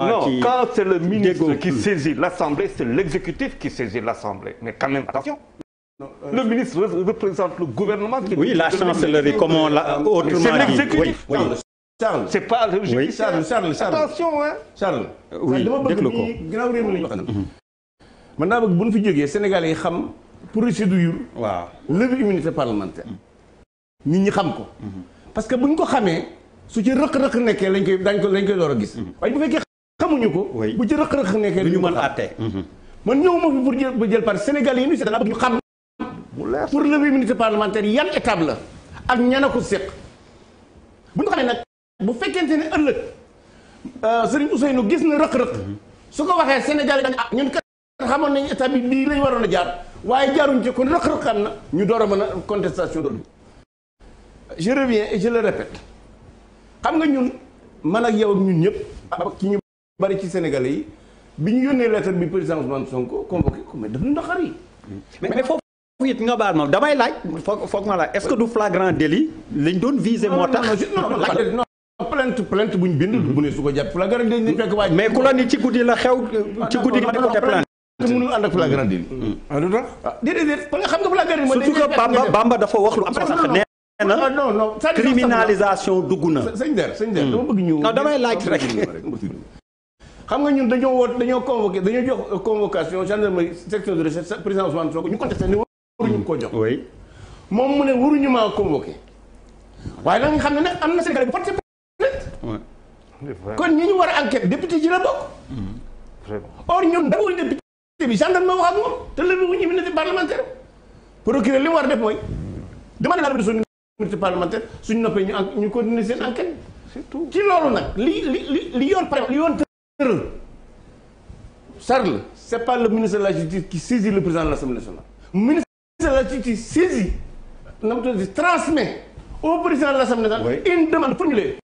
Non, qui... quand c'est le ministre qui saisit l'Assemblée, c'est l'exécutif qui saisit l'Assemblée. Mais quand même, attention. Euh, le ministre représente le gouvernement Oui, la chancellerie, comme on l'a euh, autrement dit. C'est l'exécutif. C'est pas le judiciaire. Oui, Charles, Attention, Charles. Euh, oui, dama bëgg nii ginnaaw réew mi la ñu xam. man naa bëgg bu ñu fi jógee Sénégal yi xam procédure. waaw levée immunité parlementaire. nit ñi xam ko. Mhm. parce que bu ñu ko xamee su ci rëq-rëq nekkee lañ gis. Mhm. xamuñu ko. bu ci rëq-rëq nekkee duñu mën a àtte. Mhm. man ñëw ma fi pour jël pour par Sénégal yi ñu seet la bëgg ñu xam. mu leer pour le minutes parlementaire yan étape la ak ñana ko séq bu ñu xamee nag bu fekkente ne ëllëg euh, Serigne Ousseynou gis na rëq-rëq. Mhm. su ko waxee Sénégal yi dañ ak ah, ñun kat xamoon nañu état bi lii lañ waroon a jaar waaye jaaruñ ci kon rëq-rëq xam na ñu door a mën a contestation doon je reviens je le répète xam nga ñun man ak yow ak ñun ñëpp ah, ki ñu bari ci Sénégalais yi bi ñu yónnee bi président Ousmane Sonko ko mais daf ñu naqar yi. mais mais foofu it nga baal ma damay laaj foog foog ma laaj est-ce que du flagrant délit lañ doon viser moo tax. bu ne su ko jàpp flagrant délit ñu fekk waaj. mais ku la ni ci guddi la xew. ci guddi gi ko te plainte. ànd ak flagrant délit. Mm. Mm. ah lu ah, Bamba Bamba dafa wax lu am sax na non criminalisation dugg na. sëñ der sëñ der dama bëgg ñu. non damay laaj rek. xam nga ñun dañoo woot dañoo convoqué dañoo jox convocation gendarmerie section de recherche président Ousmane ko jox. moom mu ne waruñu maa convoqué waaye nag nga xam ne nag am na Sénégalais bu participer. kon ñi ñu war a enquête député ji la bokk. Mm-hmm. or ñun dawul député bi gendarme ma wax moom te léegi wuñu immunité parlementaire procureur li war a def mooy demande la révision immunité parlementaire suñu noppee ñu ñu continuer seen enquête. surtout ci loolu nag li li li li yoon pare li yoon Charles c'est pas le ministre de la justice qui saisit le président de l'Assemblée nationale ministre de la justice saisit nam tudd transmet au président de l'Assemblée nationale une demande formulée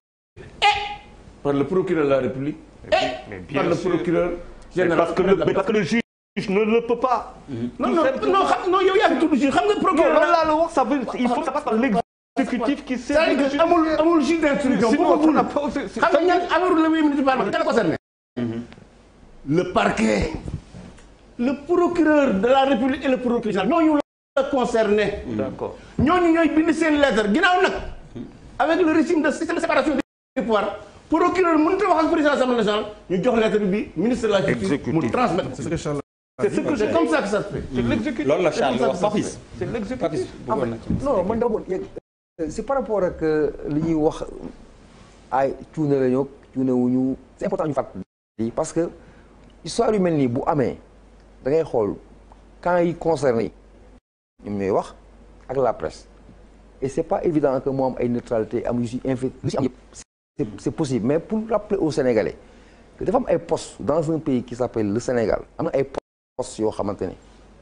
par le procureur de la République et par le procureur général parce que le, mais parce que juge ne le peut pas mm-hmm. non non non xam non yow yaa procureur loolu laa il faut que passe par l'exécutif qui saisit amul amul juge d'instruction xam nga Mm-hmm. le parquet le procureur de la république et le procureur ñooñu la concerné. Mm-hmm. d'accord ñooñu ñooy bind seen lettre ginnaaw nag. Mm-hmm. avec le régime de système séparation des pouvoirs procureur mënut wax ak président assemblée nationale ñu jox lettre bi ministre de la justice mu transmettre. c'est comme ça que ça se fait. c'est l'exécutif loolu la Charles wax Papis. c'est l'exécutif ah, bëggoon na ci non man d'abord euh, c'est par rapport ak euh, li ñuy wax ay cuune la ñoo cuune wu ñu c'est important ñu yi parce que histoire yu mel nii bu amee da ngay xool camp yi concerné yi ñoom ñooy wax ak la presse et c'est pas évident que moo am ay neutralité am yu si infi lu si am c'est possible mais pour rappeler au Sénégalais que dafa am ay post dans un pays qui s'appelle le Sénégal am na ay post yoo xamante ne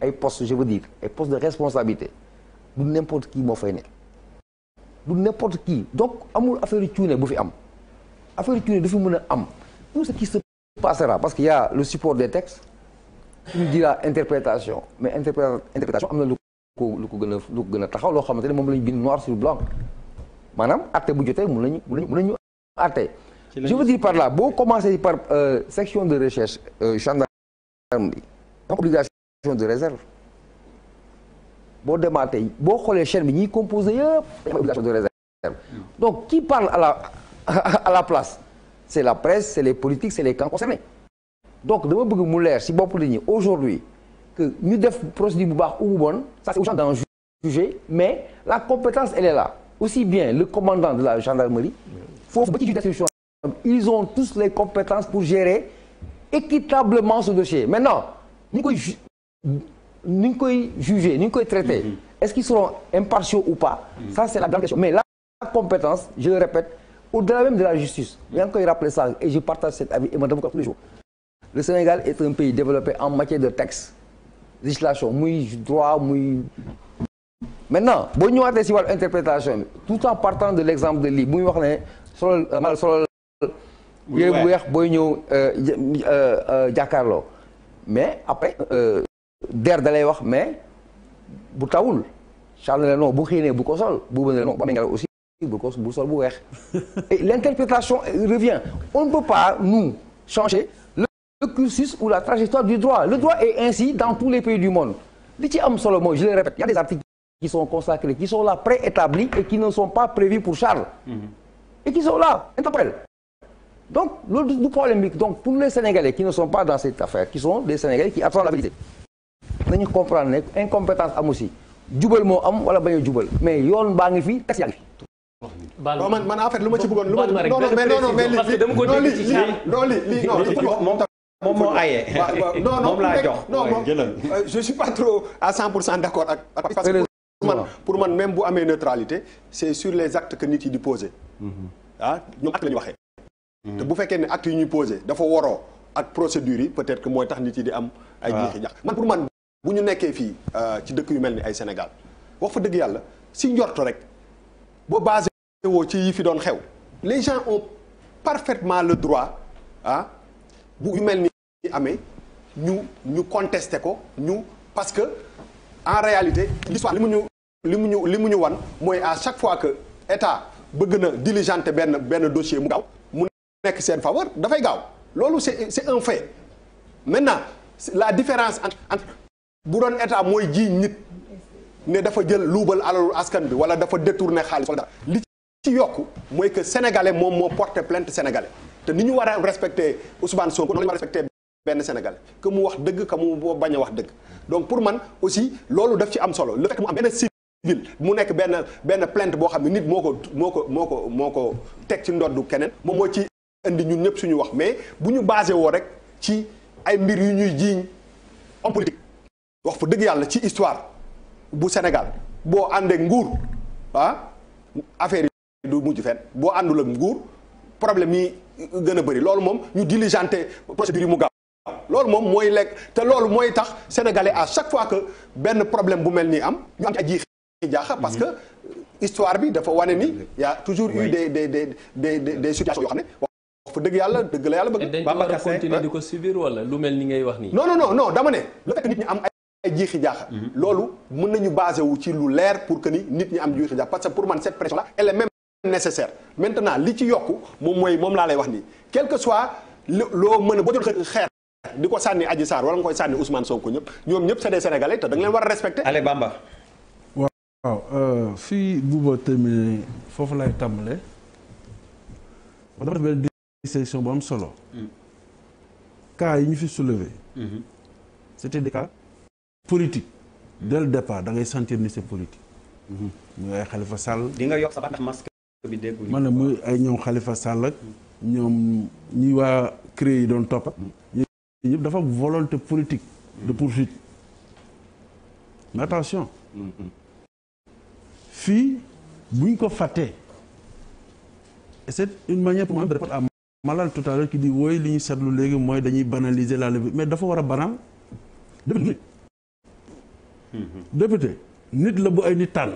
ay post je veux dire ay postes de responsabilité du n'importe qui moo fay nekk du n'importe qui donc amul affaire cuune bu fi am affaire cuune du fi mën a am tout ce qui se passera parce qu'il y a le support des textes tu dira interprétation mais interprétation am na lu ko lu ko gën a lu ko gën a taxaw loo xamante ne moom la ñu bind noir sur blanc maanaam atte bu jotee mun nañu mun nañu atte je veux dire par là boo commencé par euh, section de recherche euh, gendarme bi obligation de réserve boo demaatee boo xoolee chaîne bi ñuy composé yëpp obligation de réserve donc qui parle à à la place c'est la presse c'est les politiques c'est les camps concernés donc dama bëgg mu leer si bopp nit ñi aujourd'hui que ñu def procédure bu baax ou bu bon ça c'est aux gens d'en mais la compétence elle est là aussi bien le commandant de la gendarmerie foofu ba ci juge d'instruction ils ont tous les compétences pour gérer équitablement ce dossier maintenant ni ñu koy ni ñu koy juger ni ñu koy traiter mm-hmm. est-ce qu'ils seront impartiaux ou pas mm-hmm. ça c'est la grande question mais la compétence je le répète au-delà même de la justice yaa ngi koy rappeler ça et je partage cet avis et ma dama ko le Sénégal est un pays développé en matière de texte législation muy droit muy maintenant boo ñëwaatee si wàllu interprétation bi tout en partant de l'exemple de lii bu ñu wax ne solol euh, mal solol bu weex booy ñëw euh, euh, jàkkaarloo mais après der da lay wax mais bu tawul Charles ne non bu xiinee bu ko sol bu non ba ngelaw aussi bu ko bu bu weex et l'interprétation revient on ne peut pas nous changer le, cursus ou la trajectoire du droit le droit est ainsi dans tous les pays du monde li ci am je le répète il y a des articles qui sont consacrés qui sont là préétablis et qui ne sont pas prévus pour Charles mm-hmm. et qui sont là interpelle donc loolu du problème bi donc pour les Sénégalais qui ne sont pas dans cette affaire qui sont des Sénégalais qui attendent la vérité nañu comprendre ne incompétence moo am wala bañ jubal mais yoon baa ngi fi waaw man man en fait lu ma ci bëggoon lu ma non non mais non non mais li li moom tam moom moo aaye non non moom laa jox non moom euh, je suis pas trop à 100 pour cent d'accord ak parce pour man pour man même bu amee neutralité c'est sur les actes que nit yi di poser mm-hmm. ah ñoom acte ñu waxee mm-hmm. te bu fekkee ne acte yi ñuy poser dafa woro ak procédure yi peut-être que mooy tax nit yi di am ay ah. jiixi jax man pour man bu ñu nekkee fii euh, ci dëkk yu mel ni ay Sénégal wax fa dëgg yàlla si njorto rek boo basé woo ci yi fi doon xew les gens ont parfaitement le droit ah bu yu mel ni amee ñu ñu contester ko ñu parce que en réalité l'histoire li mu ñu li mu ñu li mu ñu wan mooy à chaque fois que état bëgg na diligenter benn benn dossier mu gaaw mu nekk seen faveur dafay gaaw loolu c'est un fait maintenant la différence entre entre bu doon état mooy jiiñ nit ne dafa jël luubal alalu askan bi wala dafa détourné xaalis wala li ci yokk mooy que sénégalais moom moo porté plainte sénégalais te ni ñu war a respecté Ousmane Sonko noonu la ñu benn sénégalais que mu wax dëgg que mu bañ a wax dëgg donc pour man aussi loolu daf ci am solo le fait mu am benn mu nekk benn benn plainte boo xam ne nit moo ko moo ko moo ko moo ko teg ci ndoddu keneen moom moo ci indi ñun ñëpp suñu wax mais bu ñu basé woo rek ci ay mbir yu ñuy jiiñ homme wax fa dëgg yàlla ci histoire bu Sénégal boo àndeek nguur ah affaire yi du mujj fenn boo àndul ak nguur problème yi gën a bëri loolu moom ñu diligenté procédure yi mu gaaw loolu moom mooy lekk te loolu mooy tax sénégalais à chaque fois que benn problème bu mel nii am ñu am ci aji jaaxa parce que histoire bi dafa wane ni y a toujours eu des des yoo xam ne fa dëgg yàlla dëgg la yàlla bëgg. dañ di ko subir wala lu mel ni ngay wax nii. non non non dama ne lu fekk nit ñi am ay jiixi jaaxa mhm. loolu mën nañu basé wu ci lu leer pour que ni nit ñi am jiixi jaaxa parce que pour man cette pression là elle est même nécessaire maintenant li ci yokk moom mooy moom laa lay wax nii quel que soit loo mën a boo jël xeer di ko sànni Adji Sarr wala nga koy sànni Ousmane Sonko ñëpp ñoom ñëpp c'est des sénégalais te da nga leen war a respecter. Allez Bamba. waaw euh, fii Bouba terminé foofu lay tàmbale dafa def benn distinction bu am solo. Mm. cas yi ñu fi soulevé. Mm-hmm. c'était politique dès le départ da sentir ni c'est politique. Mhm. muy ay Khalifa Sall. di nga yokk sa ndax masque bi dégg man ne muy ay ñoom xalifa Sall ak ñoom ñi waa CREI yi doon toppat. ñëpp dafa volonté politique. de poursuite. mais attention. Mhm. fii buñ ko fàttee. et c'est ma manière pour moi de répondre à Malal tout à l'heure wooy li ñu seetlu léegi mooy dañuy banaliser la bi mais dafa war a banal. député nit la bu ay nit tànn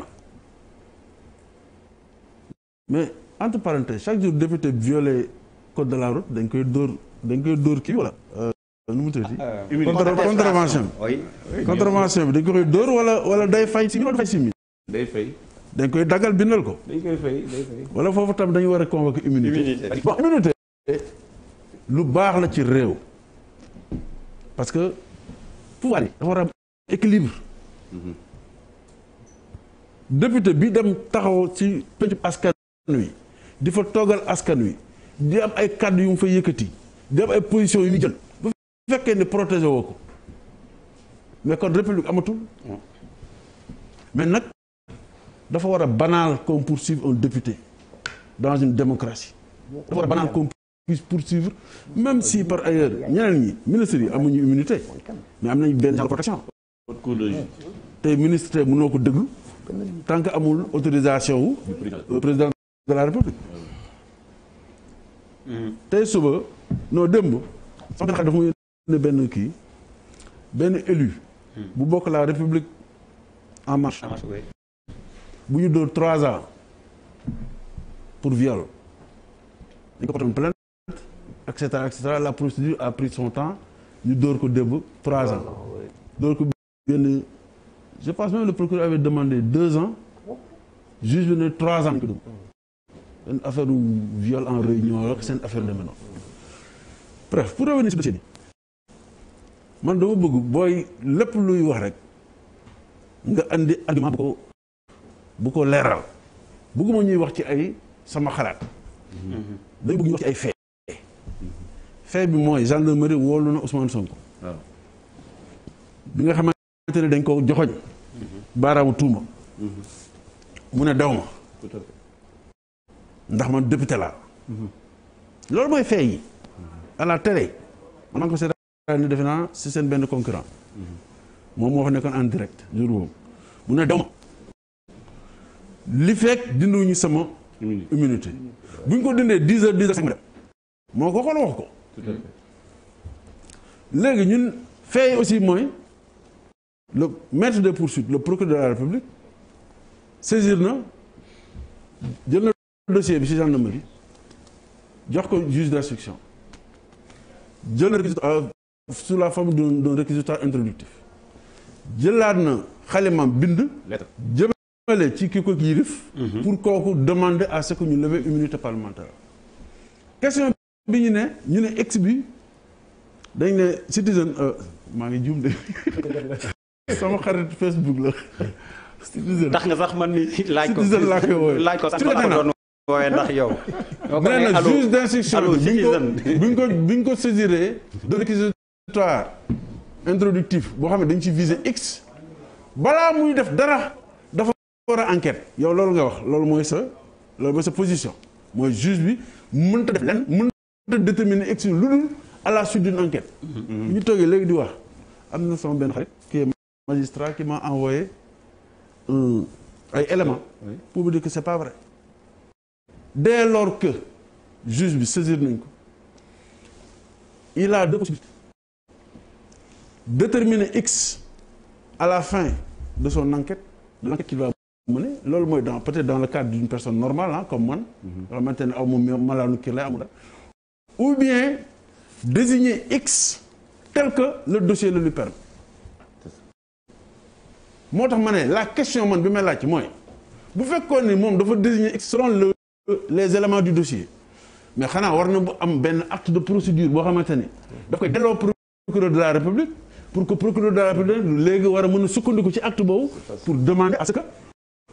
mais entre chaque jour député violé code de la route dañ koy dóor dañ koy dóor kii wala. Euh, nu mu tuddati euh, euh, contravention bi bi dañ koy dóor wala wala day fay si wala day fay dañ koy daggal bindal ko. dañ koy fay wala foofu tam dañu war a convoquer immunité. lu baax la ci réew parce que pouvoir yi dafa war a am député bi dem taxaw ci pencum askan wi di fa toogal askan wi di am ay kàddu yu mu fa yëkkati di am ay position yu mu jël bu fekkee ne protégé woo ko mais kon république amatul mais nag dafa war a banal qu'on poursuive un député dans une démocratie dafa war a banal qu'on puisse poursuivre même si par ailleurs ñeneen ñi ministres yi amuñu immunité mais am nañ benn protection tey ministre noo ko dëgg tant que amul autorisation wu président de la république tey suba non démb sama benn kii benn élu bu bokk la république en marche ñu dóor trois ans pour viol dañ ko porté plainte la procédure a pris son temps ñu dóor ko démb trois ans benn je pense même le procureur avait demandé deux ans juge bi ne trois ans pidum seen affaire u viol en réunion rek seen affaire demee noonu bref pour revenir si dossier bi man dama bëgg booy lépp luy wax rek nga andi argument bu ko bu leeral bëgguma ñuy wax ci ay sama xalaat dañu bëgg ñuy wax ci ay fee fee bi mooy gendarmerie woolu na Ousmane Sonko bi nga xamante te dañ ko joxoñ baaraamu tuuma mu ne daw ma ndax man député loolu mooy fee yi à tere télé man ko seetaan ne defe naa si seen benn concurrent moom moo fa nekkoon en direct jour boobu mu ne daw ma li fekk dinduñu sama immunité bu ñu ko dindee dix heures dix heures cinq ma moo ko xool wax ko léegi ñun fee aussi mooy le maître des poursuites le procureur a la République saisir na jël na dossier bi ci gendarmerie jox ko juge d'instruction jël na su euh, la forme d'un réquisitoire introductif jëlaat na xalimam bind jëmale ci ki ko yilif mhm. pour kooku demander à ce que ñu lever immunité parlementaire question bi ñu ne ñu ne ex bi dañ ne citizen euh, maa ngi juum sama xarit Facebook la. Citizen tax nga sax man ni laaj ko laa koy wooyee laaj ko sax ma la ko doon wooyee ndax yow. nee na juge d'instruction bi ñu ko bi ñu ko saisiré. de réquisitoire introductif boo xam ne dañ ci viser x. balaa muy def dara dafa war a enquête. yow loolu nga wax loolu mooy sa loolu mooy sa position mooy juge bi mënut a def lenn mënut a déterminer x lu dul à la suite d'une enquête. Mm-hmm. ñu toogee léegi di wax am na sama benn xarit. magistrat qui m'a envoyé euh, ay éléments oui. pour me dire que c'est pas vrai dès lors que juge bi saisir nañ ko il a deux possibilités déterminer x à la fin de son enquête de l'enquête mu va loolu mooy dans peut-être dans le cadre d'une personne normale comme man mhm. nga xamante ne aw ma malaanu kii lay amu da ou bien désigner x tel que le dossier le lui permet moo tax ma ne la question man bi may laaj mooy bu fekkoon ni moom dafa désigner selon le les éléments du dossier mais xanaa war na bu am benn acte de procédure boo xamante ni daf koy delloo procureur de la république pour que procureur de la république war a mën na sukkandiku ci acte boobu pour demander à ce que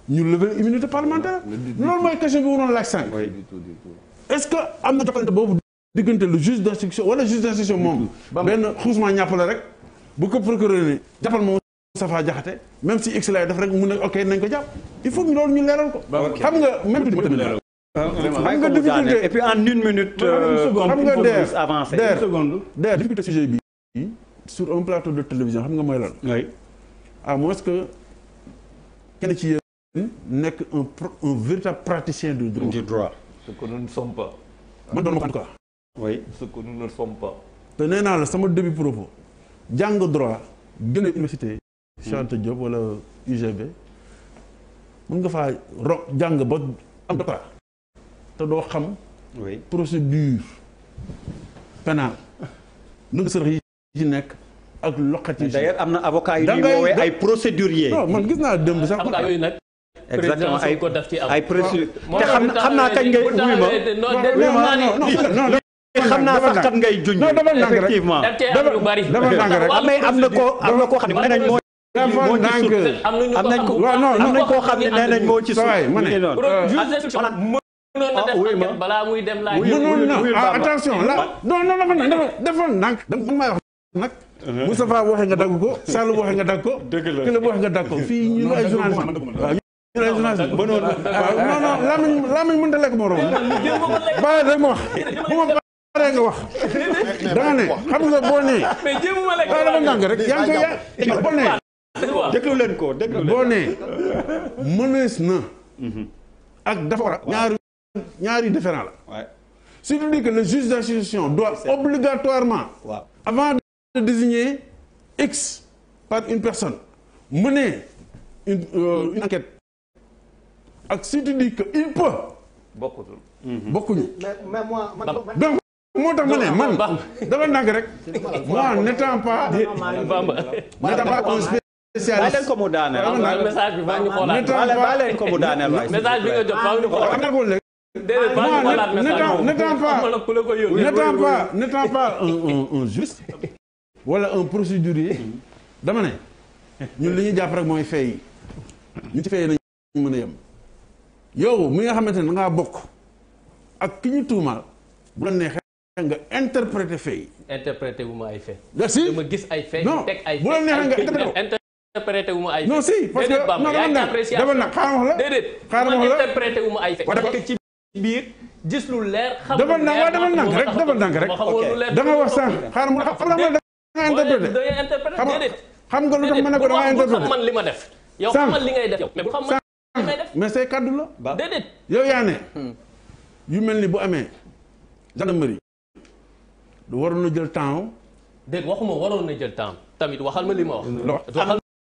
ñu lever immunité parlementaire loolu mooy question bi waroon laaj sànq est-ce que am na jokkalante boobu diggante lu juge d'instruction wala juge d'instruction moom benn xuusma ñàpp la rek ko procureur ni jàppal Moustapha Diakhaté même si x def rek mun na ok nañ ko jàpp il faut loolu ñu leeral ko. xam nga même xam nga difficulté et puis en une minute. xam nga euh, der der difficulté sujet bi sur un plateau de télévision xam nga mooy lan. oui à moins que kenn ci nekk un un véritable praticien du droit. du droit. man doon ma ko en tout cas. te nee naa la sama début propos jàng droit gën université. Chante Diop wala UGB mën nga faa ro jàng ba am doctorat te doo xam procédure pénale nu sërëx yi ci nekk ak loxati d'ailleurs am na avocat yu ñuy woowee ay procédurier non man gis naa démb sax avocat yooyu nag exactement ay ko daf ci am ay procédure te xam naa kañ ngay wuy ma non xam naa sax kat ngay juñ effectivement dafa dafa nang rek mais am na ko am na xam ne moo ci suuf am nañ ko am nañ koo xam ne nee nañ moo ci suuf. mu ne noonu. Euh, euh, ah, ma balaa muy dem laaj. non la ah, non non dafa dafa ndànk. dama may wax nag. Uh-huh. Moustapha waxee nga dagg ko Sall waxee nga dagg ko. dëgg la Kële waxee nga dagg ko fii ñu ne ay journaliste ñu lay journaliste ba noonu non non a lekk morom. bàyyi rek ma wax bu ma paree nga wax. da nga ne xam nga boo nee. mais jéem a lekk dafa ndànk rek yaa ngi koy déglu leen ko déglu leen boo nee mënees na. Mhm. ak dafa war a ñaari ñaari différent la. surtout dit que le juge d'instruction doit obligatoirement. avant de désigner par une personne mener une euh, enquête ak surtout dit que il peut. Mhm. bokkuñu. donc moo tax ma dafa nag rek. moi n'étant pas. spécialiste leen ko mu daaneel message bi faaw ñu xoolaat leen ko mu daaneel waay message un juriste dama ne ñun li ñu jàpp rek mooy fay yi ñu ci fay nañu mën a yem yow mi nga xamante ne da ngaa bokk ak ki ñu tuumaal bu la neexee nga interpréter fay yi interpréter wu ma ay fay dama gis bu la neexee nga interpréter interprété wu ma ay. non si parce que non non dama nag xaaral wax la déedéet man ci biir gis lu leer. xamul lu leer dama nang rek dama nang rek. dama wax sax xaaral ma xam nga da nga interprété. xam lu tax man li ma def. yow xamal li ngay def yow mais bu xamal li ngay say kaddu la. déedéet yow yaa ne. Hmm. yu mel ni bu amee. gendarmerie. waroon na jël temps. déet waxuma waroon na jël temps tamit waxal ma li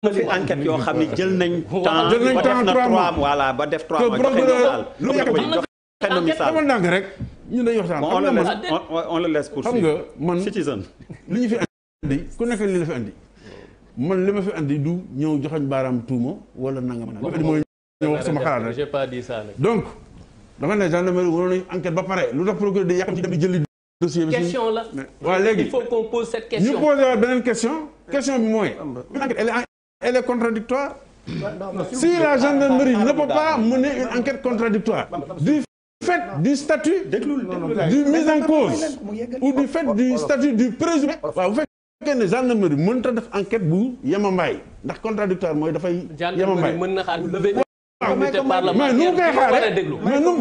na fi enquête yoo xam ne jël nañ temps jël nañ temps trois ba ñu dañuy waxtaan on le laisse poursuivre xam nga man citizen li ñu fi andi ku nekk li ma fi andi du ñëw joxoñ baaraam tuuma wala nangam li ma andi mooy ñëw wax sama xalaat rek j'ai ne gendarmerie waroon nañu enquête pare lu tax procureur de yàqam ci dem jëli dossier bi question la waaw léegi il faut qu'on pose cette question ñu posé waat beneen question question bi mooy enquête elle est contradictoire si la gendarmerie ne peut pas mener une enquête contradictoire du fait du statut du mise en cause ou du fait du statut du présumé waaw bu fekkee ne gendarmerie mënta def enquête bu yemambaay ndax contradictoire mooy dafay yemambaay mais nu ngay xaare mais nu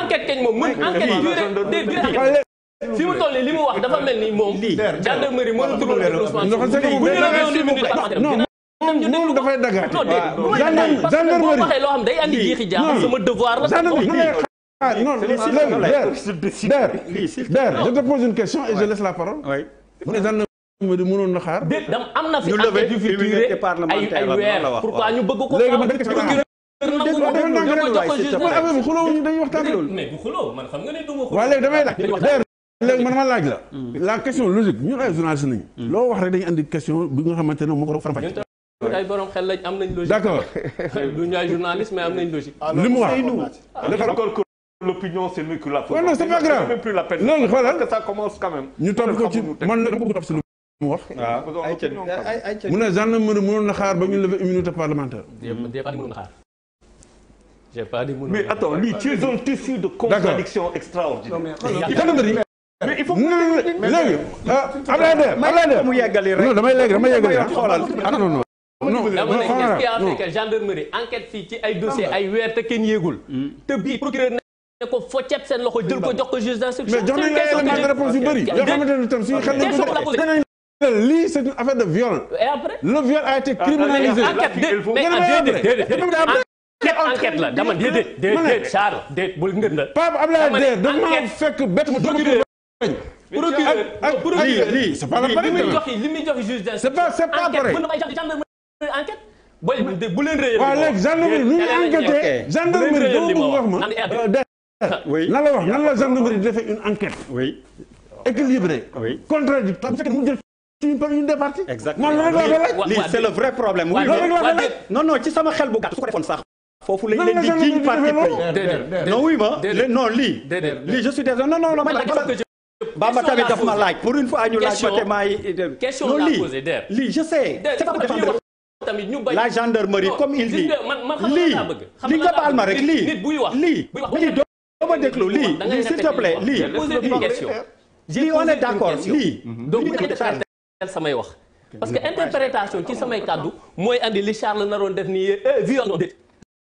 enquête kañ moom mën enquête fi mu toll li mu wax dafa mel ni moom gendarmerie mënatul bu ñu la réew mi moom dafay daggaate. gendarmerie waxee loo xam day andi jiixi jaaxal sama devoir la. ah non léegi je te pose une question et je laisse la parole. mu ne mënoon na xaar. am na fi enquête yu fi duré ay ay weer pourquoi ñu bëgg ko. léegi nga ne du ma xuloo. waaw léegi damay mm. question logique ñun ay journaliste mm. loo wax rek dañu andi question bi nga xamante ne moo ko faram-fàccee. ay borom xel lañ am nañ logique. d'accord du ñu ay journaliste mais am nañ logique. li mu wax dafa encore l'opinion c'est nous qui la faisons. non c'est pas grave même plus la peine. loolu que man la bëgg topp si lu mu wax. waaw ah. mu ne gendarmerie mënoon ba ñu lever immunité parlementaire. jéem a mënoon na xaar. j'ai pas dit mënoon na xaar mais attends lui tu es un tissu de contradiction extraordinaire. mais mais il faut non dama ne qu'est-ce qui a fait que gendarmerie enquête fii ci ay dossier ay weer te kenn yéegul hmm. te bii procureur ne ko foccet seen loxo jël ko jox ko juge d'instruction mais jox nañ la élément de réponse yu bëri yoo xamante ne tam suñu xel nañ lii c'est une affaire de viol et après le viol a été ah, ah, criminalisé enquête la ah, dama déedéet déedéet Charles déet bul ngën la Pape Abdoulaye dama fekk bett ma procureur procureur lii c'est pas la parité li muy joxe juge d'instruction c'est pas c'est pas pareil Euh, enquête booy bu leen réyal waaw léegi gendarmerie ñu ngi gendarmerie boobu mu wax ma nan la wax nan la gendarmerie defee une enquête équilibrée contradictoire bu fekkee mu jël une des parties exactement lii c'est le vrai problème non non ci sama xel bu gàtt su ko defoon sax foofu lañ leen di jiñ non oui non lii je suis désolé non non la ma Bamba tamit daf pour une fois ñu laaj ma te maay euh, question la posé der lii je tamit ñu la gendarmerie comme il dit lii li nga baal ma rek lii nit buy wax lii lii doo ma déglu lii lii s'il te plaît lii lii on est d'accord lii mm-hmm. donc bu interpréter samay wax mm-hmm. parce que interprétation ci samay kàddu mooy andi li Charles naroon def nii eh, eh, violon déet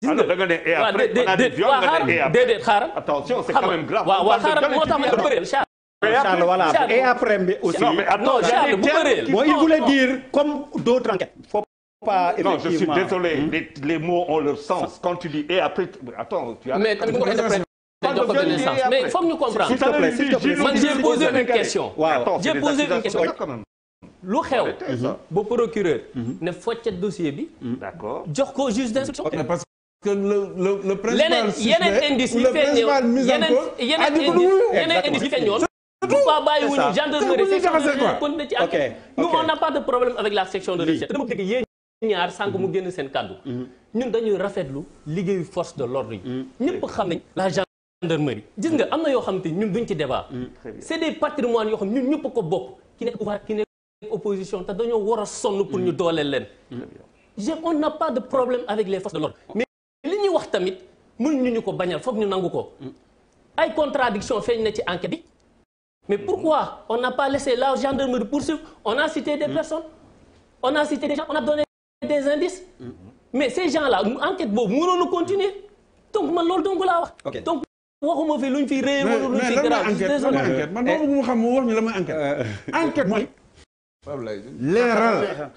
gis nga eh, waaw déet waaw xaaral déedéet xaaral attention c'est quand xaaral moo tax ma bëreel Charles Charles voilà et après aussi bu bëreel bon il voulait dire comme d'autres pas non je suis désolé hmm? mots ont leur sens quand tu dis et après attends tu as mais mais foog comprendre s'il j'ai posé une question j'ai posé une question lu xew procureur mhm. ne foccet dossier bi mhm. d'accord jox ko juge d'instruction parce que le le le principal yeneen indice yi feeñ ñoon pourquoi bàyyi wuñu gendarmerie section de recherche continue ci enquête nous on n'a pas de problème avec la section de recherche ñaar sànq mu mhm. génn seen kàddu mhm. ñun dañuy rafetlu liggéeyu force de l'ordre yi mhm. ñëpp xam nañ la gendarmerie gis nga am na yoo xam te ñun duñ ci débat c'est des patrimoines yoo xam ñun ñëpp ko bokk ki nekk pouvoir ki nekk opposition te dañoo war sonn pour ñu dooleel leen je on n'a pas de problème avec les forces de l'ordre mais li ñuy wax tamit mën ñu ñu ko bañal foog ñu nangu ko ay contradiction feeñ na ci enquête bi mais pourquoi on n'a pas laissé la gendarmerie poursuivre on a cité des personnes on des indices. Mm -hmm. mais ces gens-là enquête boobu mënoon na continuer donc man loolu donc laa wax. donc waxuma fi luñ fi réer. wala luñ fi grave désolé enquête man loolu bu ma xam moo wax ñu la may enquête. Euh, euh, enquête euh, mooy. leeral.